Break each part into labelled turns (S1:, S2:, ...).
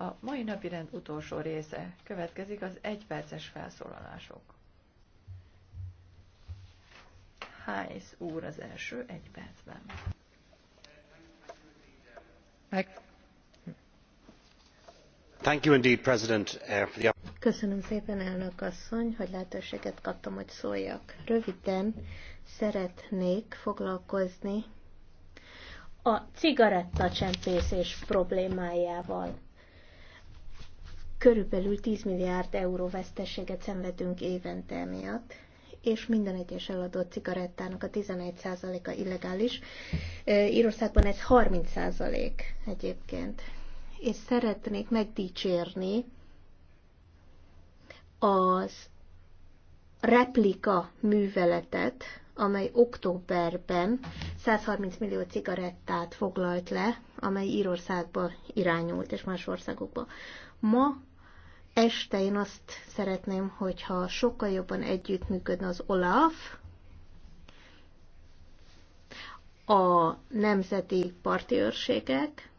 S1: A mai napi rend utolsó része következik az egyperces felszólalások. Hájsz úr az első
S2: egy percben. Meg.
S3: Thank you indeed, President. Eh,
S2: Köszönöm szépen, elnök asszony, hogy lehetőséget kaptam, hogy szóljak. Röviden szeretnék foglalkozni a cigarettacsempészés problémájával körülbelül 10 milliárd euró veszteséget szenvedünk évente emiatt, és minden egyes eladott cigarettának a 11%-a illegális. Írországban ez 30% egyébként. És szeretnék megdicsérni az replika műveletet, amely októberben 130 millió cigarettát foglalt le, amely Írországba irányult és más országokba. Ma este én azt szeretném, hogyha sokkal jobban együttműködne az OLAF, a nemzeti parti őrségek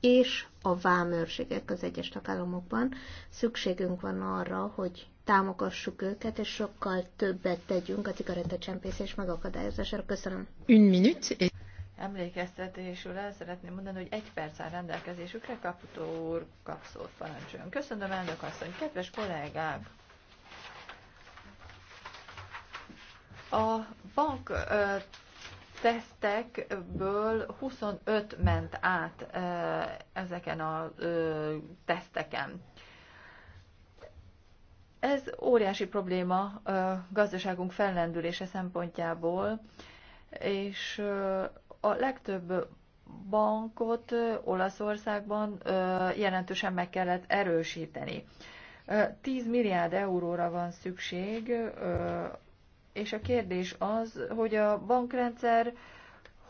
S2: és a vámőrségek az egyes tagállamokban. Szükségünk van arra, hogy támogassuk őket, és sokkal többet tegyünk a cigarettacsempészés megakadályozására. Köszönöm. Une minute. Et
S1: emlékeztetésül el szeretném mondani, hogy egy perc áll rendelkezésükre, Kaputó úr kapszót parancsoljon. Köszönöm, elnök asszony, kedves kollégák! A bank ö, tesztekből 25 ment át ö, ezeken a ö, teszteken. Ez óriási probléma ö, gazdaságunk fellendülése szempontjából, és ö, a legtöbb bankot Olaszországban jelentősen meg kellett erősíteni. 10 milliárd euróra van szükség, és a kérdés az, hogy a bankrendszer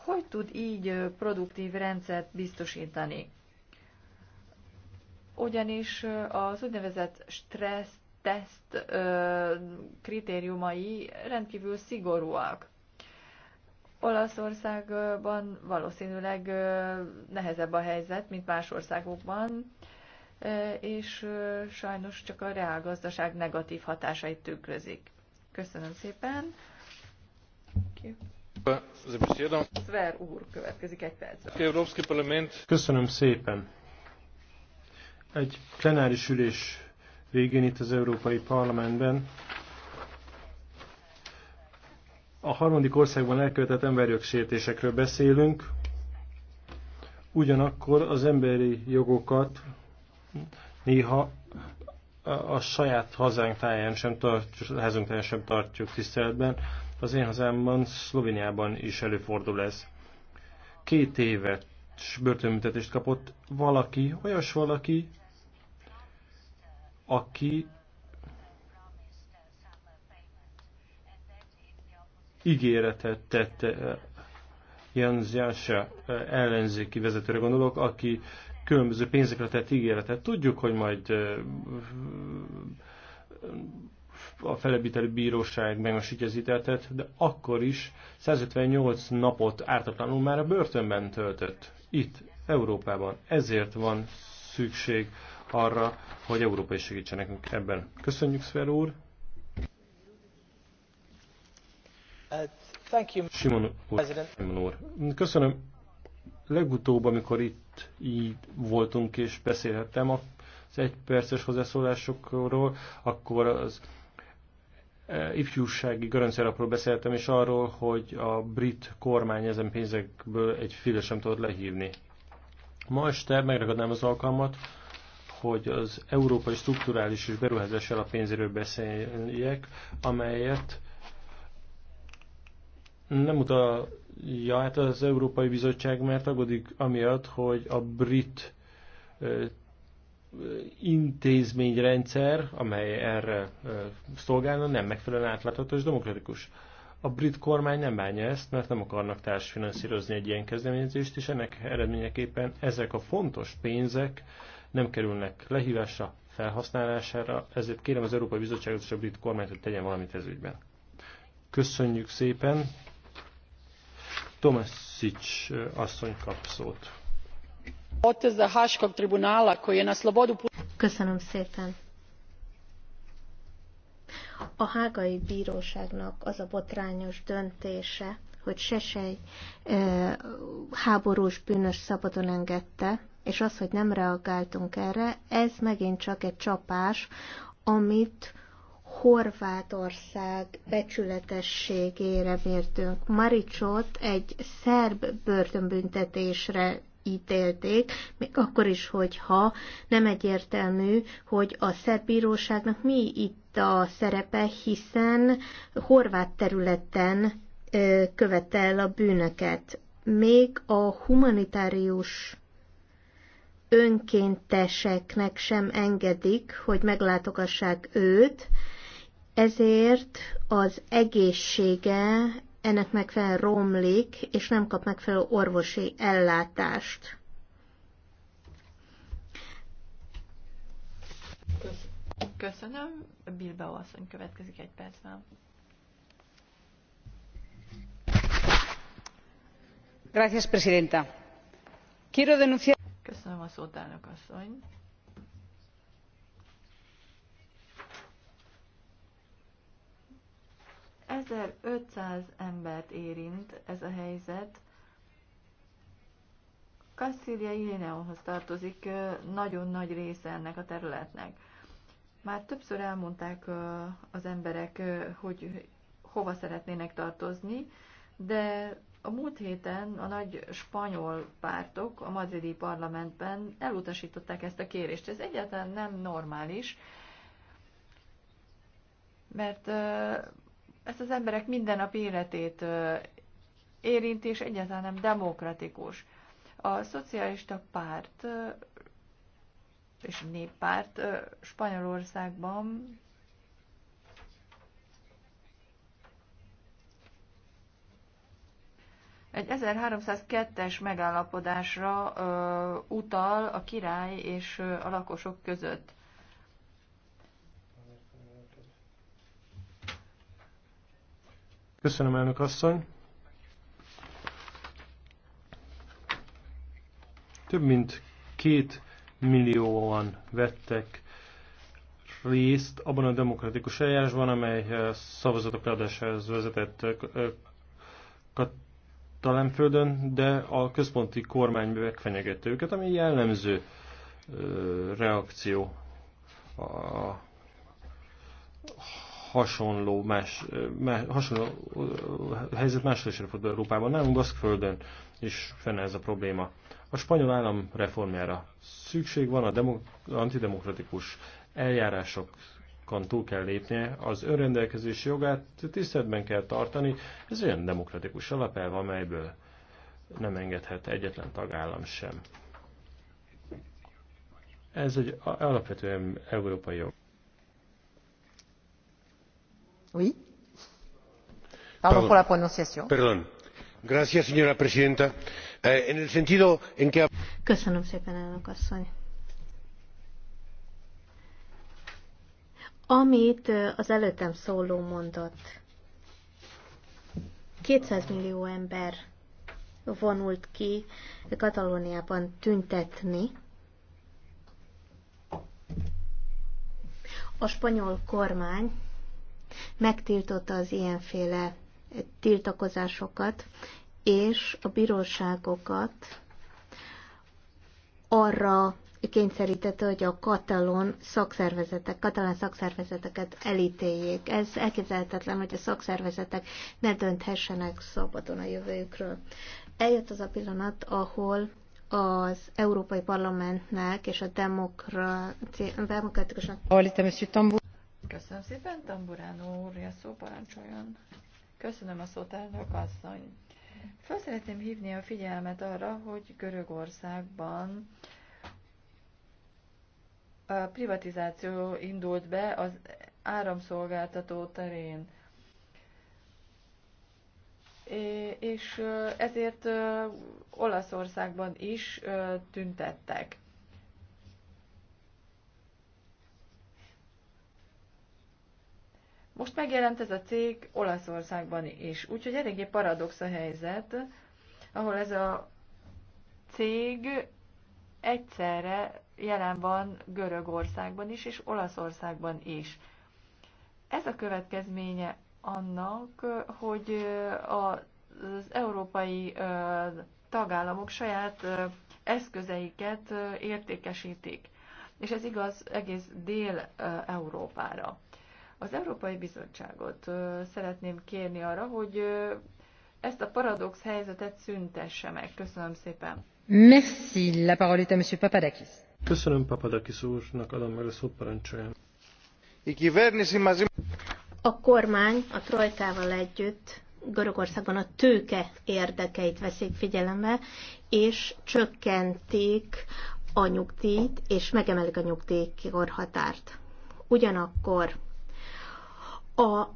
S1: hogy tud így produktív rendszert biztosítani. Ugyanis az úgynevezett stressz teszt kritériumai rendkívül szigorúak. Olaszországban valószínűleg nehezebb a helyzet, mint más országokban, és sajnos csak a reálgazdaság negatív hatásait tükrözik. Köszönöm szépen. Szver úr következik egy
S4: percet. Köszönöm szépen. Egy plenáris ülés végén itt az Európai Parlamentben a harmadik országban elkövetett emberjogsértésekről beszélünk, ugyanakkor az emberi jogokat néha a saját hazánk táján sem tartjuk, táján sem tartjuk tiszteletben. Az én hazámban, Szlovéniában is előfordul ez. Két évet börtönbüntetést kapott valaki, olyas valaki, aki ígéretet tett eh, Jens Jansa eh, ellenzéki vezetőre gondolok, aki különböző pénzekre tett ígéretet. Tudjuk, hogy majd eh, a felebíteli bíróság meg az ítéletet, de akkor is 158 napot ártatlanul már a börtönben töltött. Itt, Európában. Ezért van szükség arra, hogy európai segítsenek ebben. Köszönjük, Szver úr!
S5: Simon úr, Simon
S4: úr. Köszönöm. Legutóbb, amikor itt így voltunk és beszélhettem az egyperces hozzászólásokról, akkor az e, ifjúsági garanciárapról beszéltem, és arról, hogy a brit kormány ezen pénzekből egy fél sem tudott lehívni. Ma este megragadnám az alkalmat, hogy az európai strukturális és beruházás alapénzéről beszéljek, amelyet nem utalja hát az Európai Bizottság, mert aggódik amiatt, hogy a brit intézményrendszer, amely erre szolgálna, nem megfelelően átlátható és demokratikus. A brit kormány nem bánja ezt, mert nem akarnak társfinanszírozni egy ilyen kezdeményezést, és ennek eredményeképpen ezek a fontos pénzek nem kerülnek lehívásra, felhasználására, ezért kérem az Európai Bizottságot és a brit kormányt, hogy tegyen valamit ez ügyben. Köszönjük szépen! Tomasić eh, asszony kap szót.
S2: Köszönöm szépen. A hágai bíróságnak az a botrányos döntése, hogy Sesej e, háborús bűnös szabadon engedte, és az, hogy nem reagáltunk erre, ez megint csak egy csapás, amit Horvátország becsületességére mértünk. Maricsot egy szerb börtönbüntetésre ítélték, még akkor is, hogyha nem egyértelmű, hogy a szerb bíróságnak mi itt a szerepe, hiszen horvát területen követel a bűnöket. Még a humanitárius önkénteseknek sem engedik, hogy meglátogassák őt, ezért az egészsége ennek megfelelően romlik, és nem kap megfelelő orvosi ellátást.
S1: Köszönöm. Bilbao asszony következik egy percben. Gracias, presidenta. Quiero denunciar... Köszönöm a szót, elnök asszony. 1500 embert érint ez a helyzet. Kasszília Ilineóhoz tartozik nagyon nagy része ennek a területnek. Már többször elmondták az emberek, hogy hova szeretnének tartozni, de a múlt héten a nagy spanyol pártok a madridi parlamentben elutasították ezt a kérést. Ez egyáltalán nem normális, mert ezt az emberek mindennapi életét érinti, és egyáltalán nem demokratikus. A szocialista párt és a néppárt Spanyolországban Egy 1302-es megállapodásra ö, utal a király és a lakosok között.
S4: Köszönöm, elnök asszony. Több mint két millióan vettek részt abban a demokratikus eljárásban, amely eh, szavazatok leadásához vezetett eh, eh, Katalánföldön, de a központi kormány megfenyegette őket, ami jellemző reakció a hasonló, más, eh, más hasonló eh, helyzet máshol is előfordul Európában. Nálunk Baszkföldön is fenn ez a probléma. A spanyol állam reformjára szükség van, a antidemokratikus eljárásokon túl kell lépnie, az önrendelkezési jogát tiszteletben kell tartani. Ez olyan demokratikus alapelv, amelyből nem engedhet egyetlen tagállam sem. Ez egy alapvetően európai jog
S3: señora presidenta eh, en el sentido en que.
S2: köszönöm szépen elnök asszony! amit eh, az előttem szóló mondott. 200 millió ember vonult ki Katalóniában tüntetni. A spanyol kormány megtiltotta az ilyenféle tiltakozásokat, és a bíróságokat arra kényszerítette, hogy a katalon szakszervezetek, katalán szakszervezeteket elítéljék. Ez elképzelhetetlen, hogy a szakszervezetek ne dönthessenek szabadon a jövőjükről. Eljött az a pillanat, ahol az Európai Parlamentnek és a demokratikusnak...
S1: Köszönöm szépen, Tamburánó úr, a szó parancsoljon. Köszönöm a szót, elnök asszony. Föl szeretném hívni a figyelmet arra, hogy Görögországban a privatizáció indult be az áramszolgáltató terén. És ezért Olaszországban is tüntettek. Most megjelent ez a cég Olaszországban is, úgyhogy eléggé paradox a helyzet, ahol ez a cég egyszerre jelen van Görögországban is, és Olaszországban is. Ez a következménye annak, hogy az európai tagállamok saját eszközeiket értékesítik. És ez igaz egész Dél-Európára. Az Európai Bizottságot szeretném kérni arra, hogy ezt a paradox helyzetet szüntesse meg. Köszönöm szépen.
S2: Merci. La parole est à monsieur Papadakis. Köszönöm
S4: Papadakis úrnak, adom meg a szót
S2: A kormány a trojkával együtt Görögországban a tőke érdekeit veszik figyelembe, és csökkentik a nyugdíjt, és megemelik a nyugdíjkorhatárt. Ugyanakkor a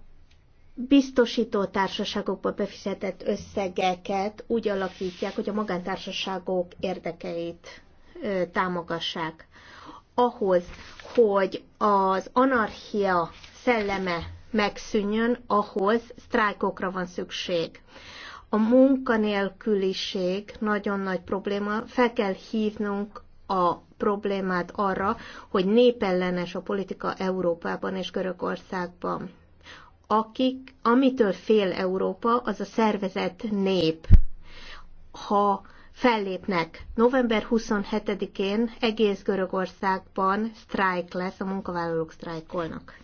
S2: biztosító társaságokba befizetett összegeket úgy alakítják, hogy a magántársaságok érdekeit támogassák. Ahhoz, hogy az anarchia szelleme megszűnjön, ahhoz sztrájkokra van szükség. A munkanélküliség nagyon nagy probléma, fel kell hívnunk a problémát arra, hogy népellenes a politika Európában és Görögországban akik, amitől fél Európa, az a szervezett nép. Ha fellépnek. November 27-én egész Görögországban sztrájk lesz, a munkavállalók sztrájkolnak.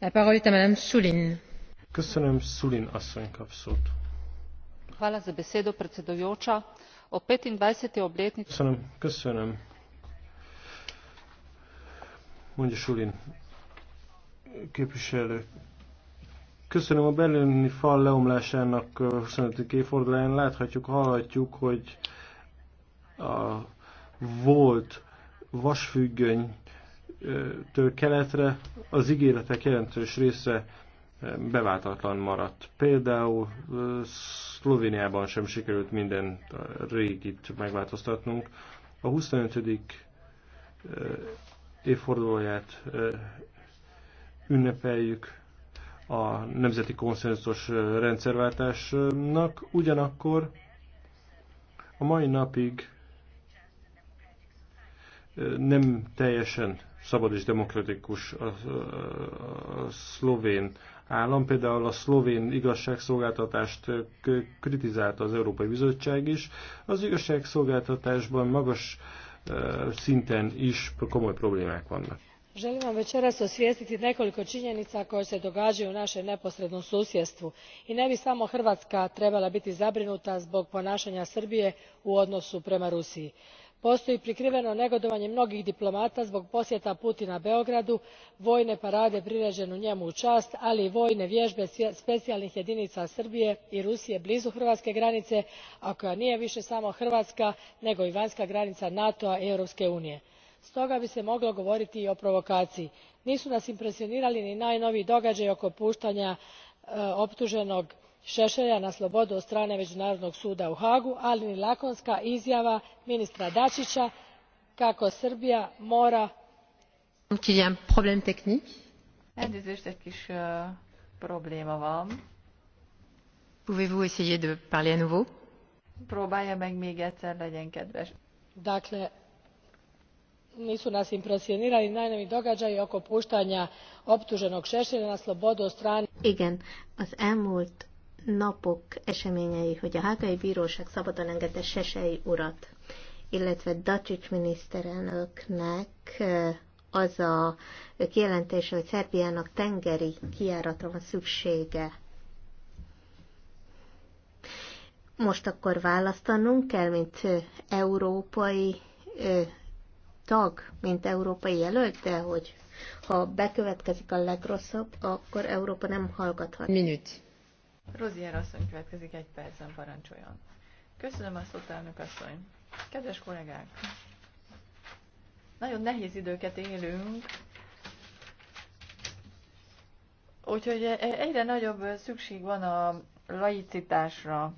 S2: La parole est à Madame
S4: Soulin. Köszönöm, Sulin asszony kap szót.
S1: Hvala za besedo, predsedujoča. O 25. obletnici... Köszönöm,
S4: köszönöm. Mondja Sulin képviselő. Köszönöm a berlini fal leomlásának 25. évfordulóján. Láthatjuk, hallhatjuk, hogy a volt vasfüggöny től keletre az ígéretek jelentős része beváltatlan maradt. Például Szlovéniában sem sikerült minden régit megváltoztatnunk. A 25. évfordulóját ünnepeljük a nemzeti konszenzus rendszerváltásnak, ugyanakkor a mai napig nem teljesen szabad és demokratikus a, szlovén állam. Például a szlovén igazságszolgáltatást kritizálta az Európai Bizottság is. Az igazságszolgáltatásban magas szinten is komoly problémák vannak
S5: elim vam veeras osvijestiti nekoliko injenica koje se dogaaju u naem neposrednom susjedstvu i ne bi samo hrvatska trebala biti zabrinuta zbog ponaanja srbije u odnosu prema rusiji. postoji prikriveno negodovanje mnogih diplomata zbog posjeta putina beogradu vojne parade prireene njemu u ast ali i vojne vjebe specijalnih jedinica srbije i rusije blizu hrvatske granice a koja nije vie samo hrvatska nego i vanjska granica nato a i europske unije stoga bi se moglo govoriti i o provokaciji. nisu nas impresionirali ni najnoviji događaji oko puštanja e, optuženog šešelja na slobodu od strane međunarodnog suda u haagu ali ni lakonska izjava ministra dačića kako srbija mora nisu nas impresionirali najnoviji događaji oko puštanja optuženog šešelja
S2: na slobodu od strane. Igen, az elmúlt napok eseményei, hogy a hágai bíróság szabadon engedte Sesei urat, illetve Dacsics miniszterelnöknek az a kijelentése, hogy Szerbiának tengeri kijáratra van szüksége. Most akkor választanunk kell, mint európai tag, mint európai jelölt, de hogy ha bekövetkezik a legrosszabb, akkor Európa nem hallgathat. Minut.
S1: Rozier asszony következik egy percen, parancsoljon. Köszönöm a szót, elnök asszony. Kedves kollégák, nagyon nehéz időket élünk, úgyhogy e- e- egyre nagyobb szükség van a laicitásra.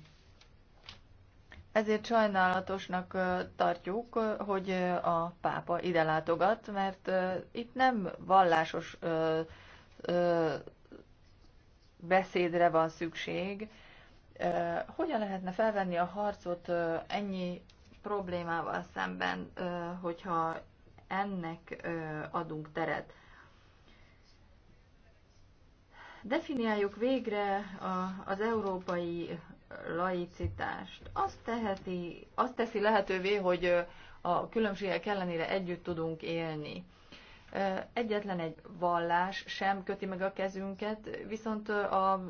S1: Ezért sajnálatosnak tartjuk, hogy a pápa ide látogat, mert itt nem vallásos beszédre van szükség. Hogyan lehetne felvenni a harcot ennyi problémával szemben, hogyha ennek adunk teret? definiáljuk végre az európai laicitást. Azt, teheti, azt teszi lehetővé, hogy a különbségek ellenére együtt tudunk élni. Egyetlen egy vallás sem köti meg a kezünket, viszont a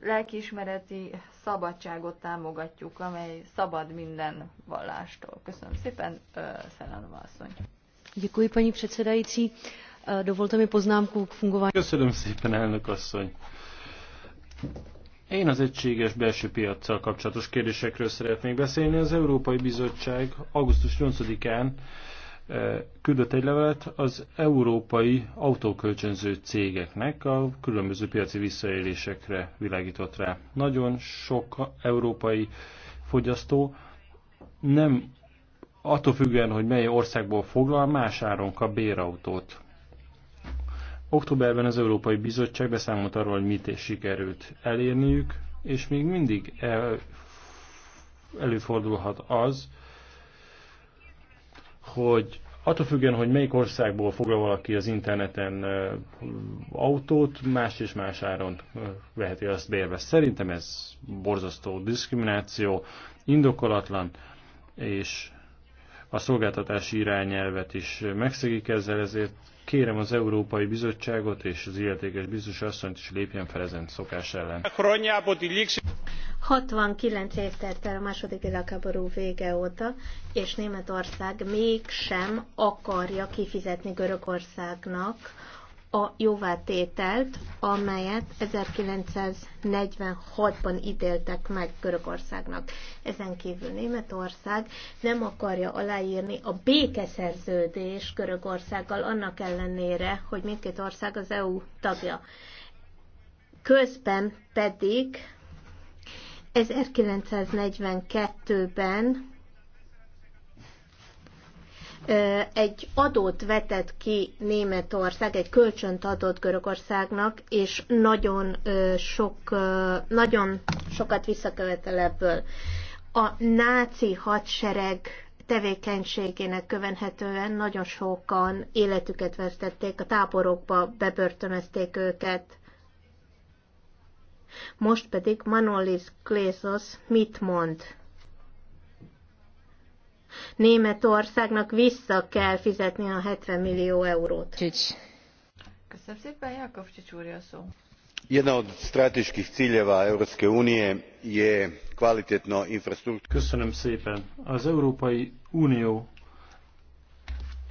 S1: lelkiismereti szabadságot támogatjuk, amely szabad minden vallástól. Köszönöm szépen, Szelenova asszony.
S5: Děkuji, paní předsedající. Dovolte mi poznámku
S4: k fungování. Köszönöm szépen, elnök asszony. Én az egységes belső piaccal kapcsolatos kérdésekről szeretnék beszélni. Az Európai Bizottság augusztus 8-án eh, küldött egy levelet az európai autókölcsönző cégeknek a különböző piaci visszaélésekre világított rá. Nagyon sok európai fogyasztó nem attól függően, hogy mely országból foglal, más áron kap bérautót. Októberben az Európai Bizottság beszámolt arról, hogy mit és sikerült elérniük, és még mindig el, előfordulhat az, hogy attól függően, hogy melyik országból foglal valaki az interneten autót, más és más áron veheti azt bérve. Szerintem ez borzasztó diszkrimináció, indokolatlan, és a szolgáltatási irányelvet is megszegik ezzel, ezért kérem az Európai Bizottságot és az illetékes biztos asszonyt is lépjen fel ezen szokás ellen.
S2: 69 év telt el a második világháború vége óta, és Németország mégsem akarja kifizetni Görögországnak a jóvátételt, amelyet 1946-ban ítéltek meg Görögországnak. Ezen kívül Németország nem akarja aláírni a békeszerződés Görögországgal, annak ellenére, hogy mindkét ország az EU tagja. Közben pedig 1942-ben egy adót vetett ki Németország, egy kölcsönt adott Görögországnak, és nagyon, sok, nagyon sokat visszakövetel ebből. A náci hadsereg tevékenységének kövenhetően nagyon sokan életüket vesztették, a táborokba bebörtönözték őket. Most pedig Manolis Klesos mit mond? Németországnak vissza kell fizetni a 70 millió eurót. Csics. Köszönöm
S1: szépen, Jakov Csics úr, a szó.
S3: Jedna od strateških ciljeva Europske unije je kvalitetno Köszönöm szépen.
S4: Az Európai Unió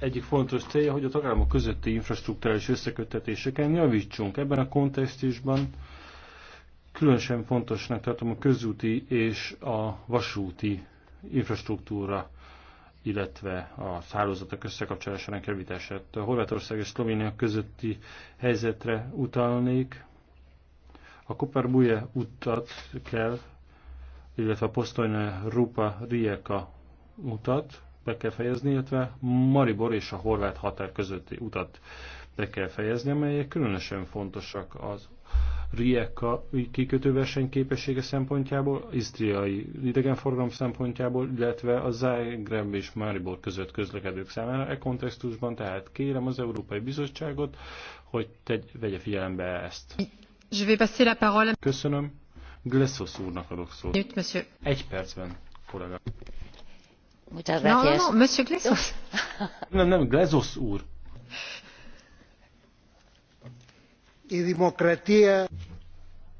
S4: egyik fontos célja, hogy a tagállamok közötti infrastruktúrális összeköttetéseken javítsunk. Ebben a kontextusban különösen fontosnak tartom a közúti és a vasúti infrastruktúra illetve a szállózatok összekapcsolásának javítását. A Horvátország és Szlovénia közötti helyzetre utalnék. A Koperbuje utat kell, illetve a Posztony Rupa Rijeka utat be kell fejezni, illetve Maribor és a horvát határ közötti utat be kell fejezni, amelyek különösen fontosak az Rijeka kikötő versenyképessége szempontjából, Isztriai idegenforgalom szempontjából, illetve a Zágrem és Maribor között közlekedők számára. E kontextusban tehát kérem az Európai Bizottságot, hogy te vegye figyelembe ezt. Köszönöm. Glesos úrnak adok szót. Egy percben, kollega. Muchas
S2: gracias. No, no, no, monsieur
S4: Glesos. nem, nem, Glesos úr.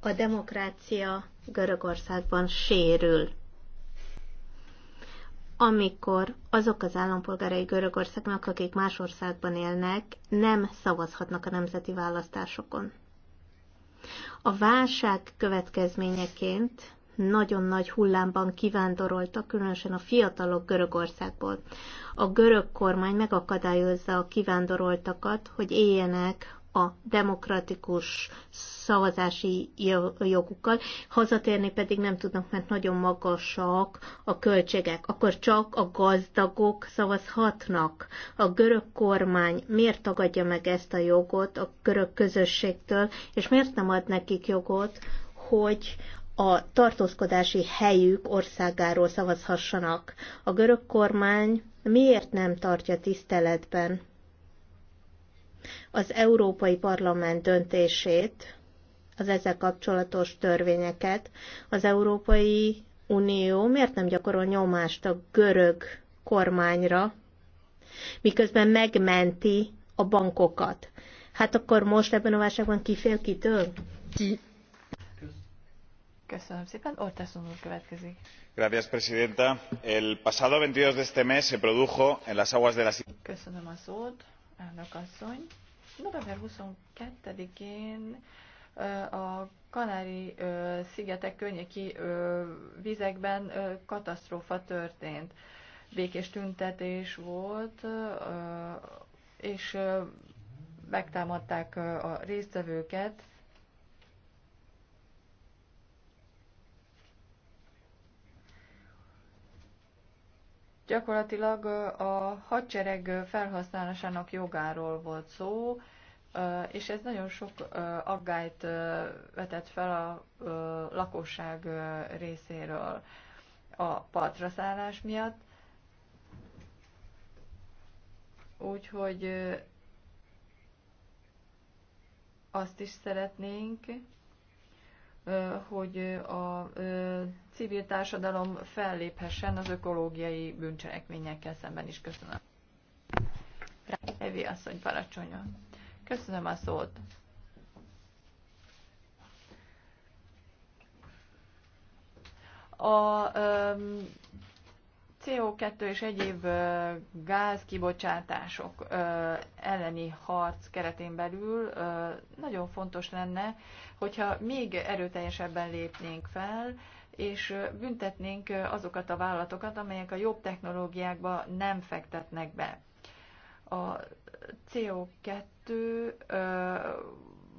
S2: A demokrácia Görögországban sérül. Amikor azok az állampolgárai Görögországnak, akik más országban élnek, nem szavazhatnak a nemzeti választásokon. A válság következményeként nagyon nagy hullámban kivándoroltak, különösen a fiatalok Görögországból. A görög kormány megakadályozza a kivándoroltakat, hogy éljenek a demokratikus szavazási jogukkal, hazatérni pedig nem tudnak, mert nagyon magasak a költségek. Akkor csak a gazdagok szavazhatnak. A görög kormány miért tagadja meg ezt a jogot a görög közösségtől, és miért nem ad nekik jogot, hogy a tartózkodási helyük országáról szavazhassanak. A görög kormány miért nem tartja tiszteletben az Európai Parlament döntését, az ezzel kapcsolatos törvényeket, az Európai Unió miért nem gyakorol nyomást a görög kormányra, miközben megmenti a bankokat. Hát akkor most ebben a válságban kifél kitől? Ki. Köszönöm szépen, Orteszon úr következik.
S1: Gracias, presidenta. El pasado 22 de este mes se produjo en las aguas de la... Köszönöm a szót elnök asszony. November 22-én a Kanári szigetek környéki vizekben katasztrófa történt. Békés tüntetés volt, és megtámadták a résztvevőket, Gyakorlatilag a hadsereg felhasználásának jogáról volt szó, és ez nagyon sok aggályt vetett fel a lakosság részéről a patraszállás miatt. Úgyhogy azt is szeretnénk, hogy a civil társadalom felléphessen az ökológiai bűncselekményekkel szemben is. Köszönöm. Evi asszony paracsonya. Köszönöm a szót. A um, CO2 és egyéb gázkibocsátások elleni harc keretén belül nagyon fontos lenne, hogyha még erőteljesebben lépnénk fel, és büntetnénk azokat a vállalatokat, amelyek a jobb technológiákba nem fektetnek be. A CO2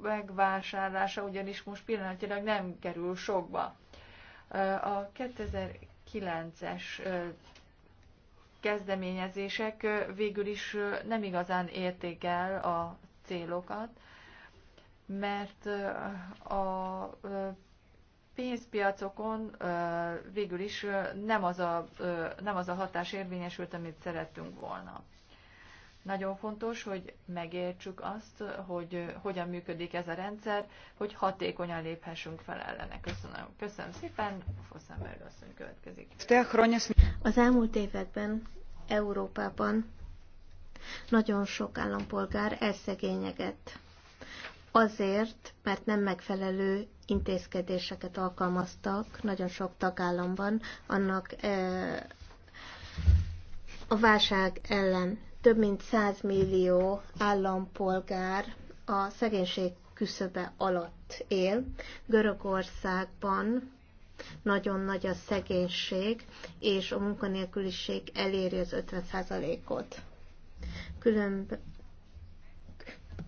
S1: megvásárlása ugyanis most pillanatilag nem kerül sokba. A 2000 9-es kezdeményezések végül is nem igazán érték el a célokat, mert a pénzpiacokon végül is nem az a, nem az a hatás érvényesült, amit szerettünk volna. Nagyon fontos, hogy megértsük azt, hogy hogyan működik ez a rendszer, hogy hatékonyan léphessünk fel ellene. Köszönöm. Köszönöm szépen. Foszemberg asszony
S2: következik. Az elmúlt években Európában nagyon sok állampolgár elszegényegett. Azért, mert nem megfelelő intézkedéseket alkalmaztak nagyon sok tagállamban annak eh, a válság ellen több mint 100 millió állampolgár a szegénység küszöbe alatt él. Görögországban nagyon nagy a szegénység, és a munkanélküliség eléri az 50%-ot. Különb-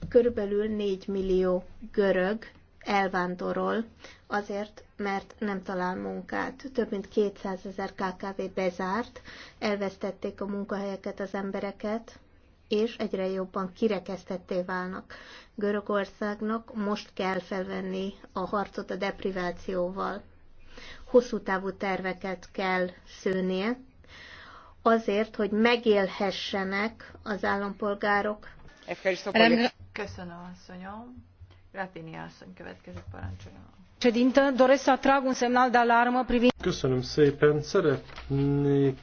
S2: körülbelül 4 millió görög elvándorol, azért, mert nem talál munkát. Több mint 200 ezer KKV bezárt, elvesztették a munkahelyeket az embereket, és egyre jobban kirekesztetté válnak. Görögországnak most kell felvenni a harcot a deprivációval. Hosszú távú terveket kell szőnie, azért, hogy megélhessenek az állampolgárok.
S1: Köszönöm, asszonyom
S2: doresc să atrag un semnal de alarmă
S4: privind... Köszönöm szépen. Szeretnék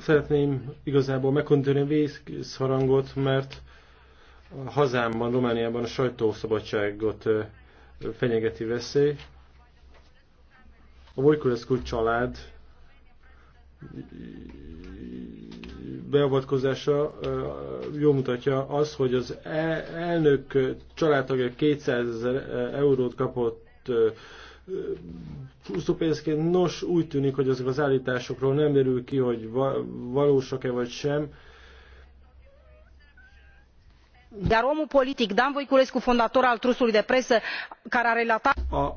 S4: szeretném igazából megkontani a vészharangot, mert a hazámban, Romániában a sajtószabadságot fenyegeti veszély. A Vojkulescu család beavatkozása jól mutatja az, hogy az e-, elnök családtagja 200 ezer eurót kapott úszópénzként. Nos, úgy tűnik, hogy azok az állításokról nem derül ki, hogy valósak-e vagy sem.
S5: Dar omul politic Dan Voiculescu, fondator al trusului de presă, care a relatat...
S4: A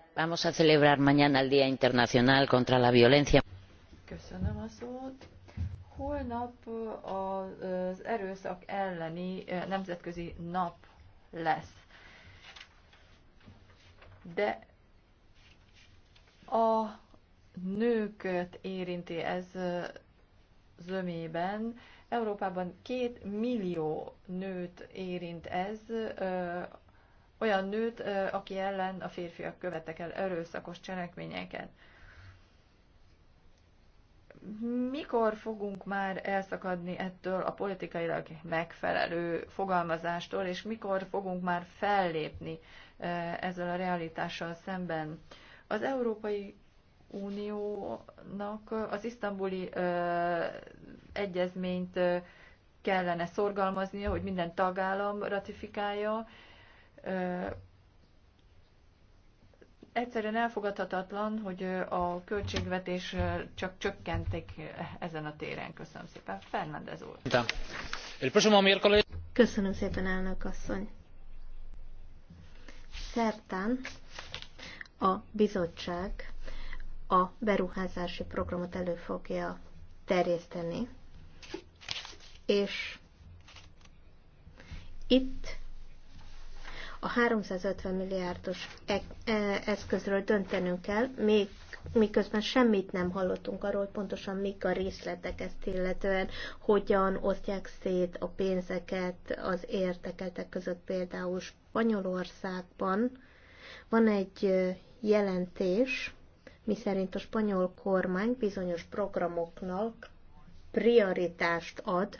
S2: vamos a celebrar mañana el Día Internacional contra la Violencia.
S1: Köszönöm a szót. Holnap az erőszak elleni nemzetközi nap lesz. De a nőket érinti ez zömében. Európában két millió nőt érint ez olyan nőt, aki ellen a férfiak követtek el erőszakos cselekményeket. Mikor fogunk már elszakadni ettől a politikailag megfelelő fogalmazástól, és mikor fogunk már fellépni ezzel a realitással szemben? Az Európai Uniónak az isztambuli egyezményt kellene szorgalmaznia, hogy minden tagállam ratifikálja, egyszerűen elfogadhatatlan, hogy a költségvetés csak csökkentik ezen a téren. Köszönöm szépen. Fernández úr.
S2: Köszönöm szépen, elnök asszony. Szertán a bizottság a beruházási programot elő fogja terjeszteni, és itt a 350 milliárdos e- e- eszközről döntenünk kell, még miközben semmit nem hallottunk arról, hogy pontosan mik a részletek ezt illetően, hogyan osztják szét a pénzeket az értekeltek között például Spanyolországban. Van egy jelentés, miszerint a spanyol kormány bizonyos programoknak prioritást ad,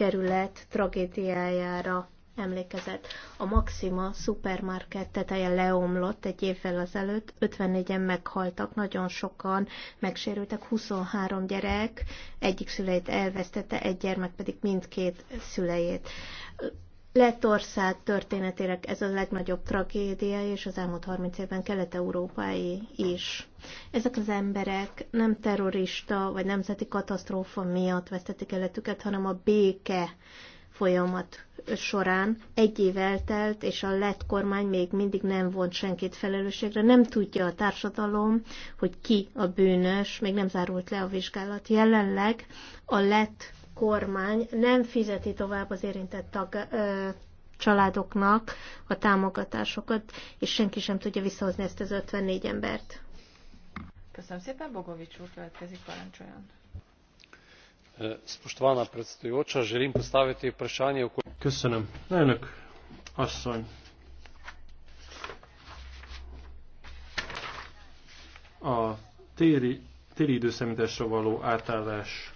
S2: kerület tragédiájára emlékezett. A Maxima szupermarket teteje leomlott egy évvel azelőtt, 54-en meghaltak, nagyon sokan megsérültek, 23 gyerek, egyik szüleit elvesztette, egy gyermek pedig mindkét szüleit. Lettország történetének ez a legnagyobb tragédia, és az elmúlt 30 évben kelet-európai is. Ezek az emberek nem terrorista vagy nemzeti katasztrófa miatt vesztették életüket, hanem a béke folyamat során egy év eltelt, és a lett kormány még mindig nem vont senkit felelősségre. Nem tudja a társadalom, hogy ki a bűnös, még nem zárult le a vizsgálat. Jelenleg a lett kormány nem fizeti tovább az érintett tag, ö, családoknak a támogatásokat, és senki sem tudja visszahozni ezt az 54 embert.
S1: Köszönöm szépen, Bogovics úr következik, parancsoljon.
S4: Spoštovana predsedujoča, želim postaviti vprašanje okoli... Köszönöm. Elnök asszony. A téri, téri időszemításra való átállás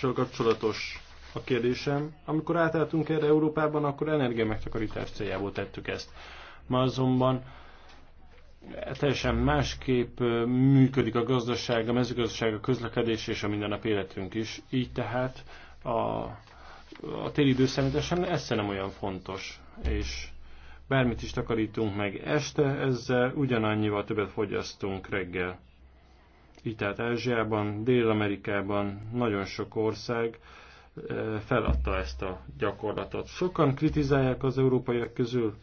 S4: kapcsolatos a kérdésem. Amikor átálltunk erre Európában, akkor energiamegtakarítás céljából tettük ezt. Ma azonban teljesen másképp működik a gazdaság, a mezőgazdaság, a közlekedés és a mindennap életünk is. Így tehát a, a téli időszámításon ez nem olyan fontos, és bármit is takarítunk meg este, ezzel ugyanannyival többet fogyasztunk reggel. Így tehát Ázsiában, Dél-Amerikában nagyon sok ország eh, feladta ezt a gyakorlatot. Sokan kritizálják az európaiak közül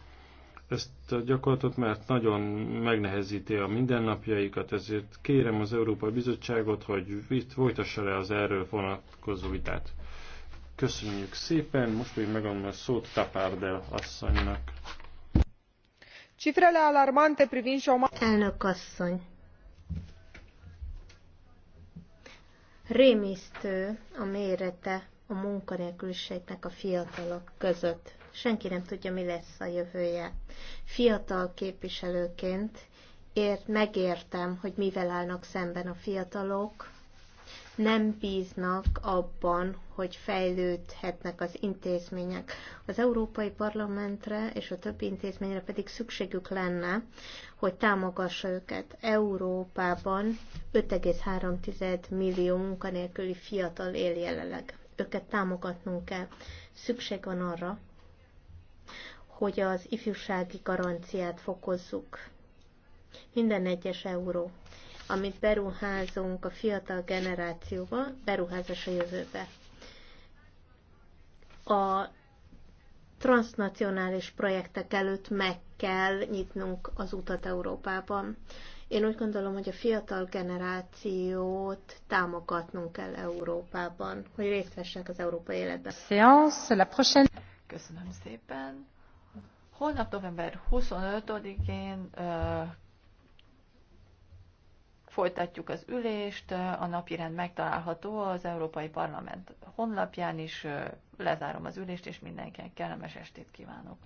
S4: ezt a gyakorlatot, mert nagyon megnehezíti a mindennapjaikat, ezért kérem az Európai Bizottságot, hogy itt folytassa le az erről vonatkozó vitát. Köszönjük szépen, most még megadom a szót Tapárdel asszonynak.
S2: Cifrele alarmante privind Elnök asszony, Rémisztő a mérete a munkanélküliségnek a fiatalok között. Senki nem tudja, mi lesz a jövője. Fiatal képviselőként ért, megértem, hogy mivel állnak szemben a fiatalok, nem bíznak abban, hogy fejlődhetnek az intézmények. Az Európai Parlamentre és a többi intézményre pedig szükségük lenne, hogy támogassa őket. Európában 5,3 millió munkanélküli fiatal él jelenleg. Őket támogatnunk kell. Szükség van arra, hogy az ifjúsági garanciát fokozzuk. Minden egyes euró, amit beruházunk a fiatal generációba, beruházás a jövőbe a transnacionális projektek előtt meg kell nyitnunk az utat Európában. Én úgy gondolom, hogy a fiatal generációt támogatnunk kell Európában, hogy részt vessenek az európai életben.
S1: Séance, la prochaine. Köszönöm szépen. Holnap november 25-én Folytatjuk az ülést, a napirend megtalálható az Európai Parlament honlapján is. Lezárom az ülést, és mindenkinek kellemes estét kívánok.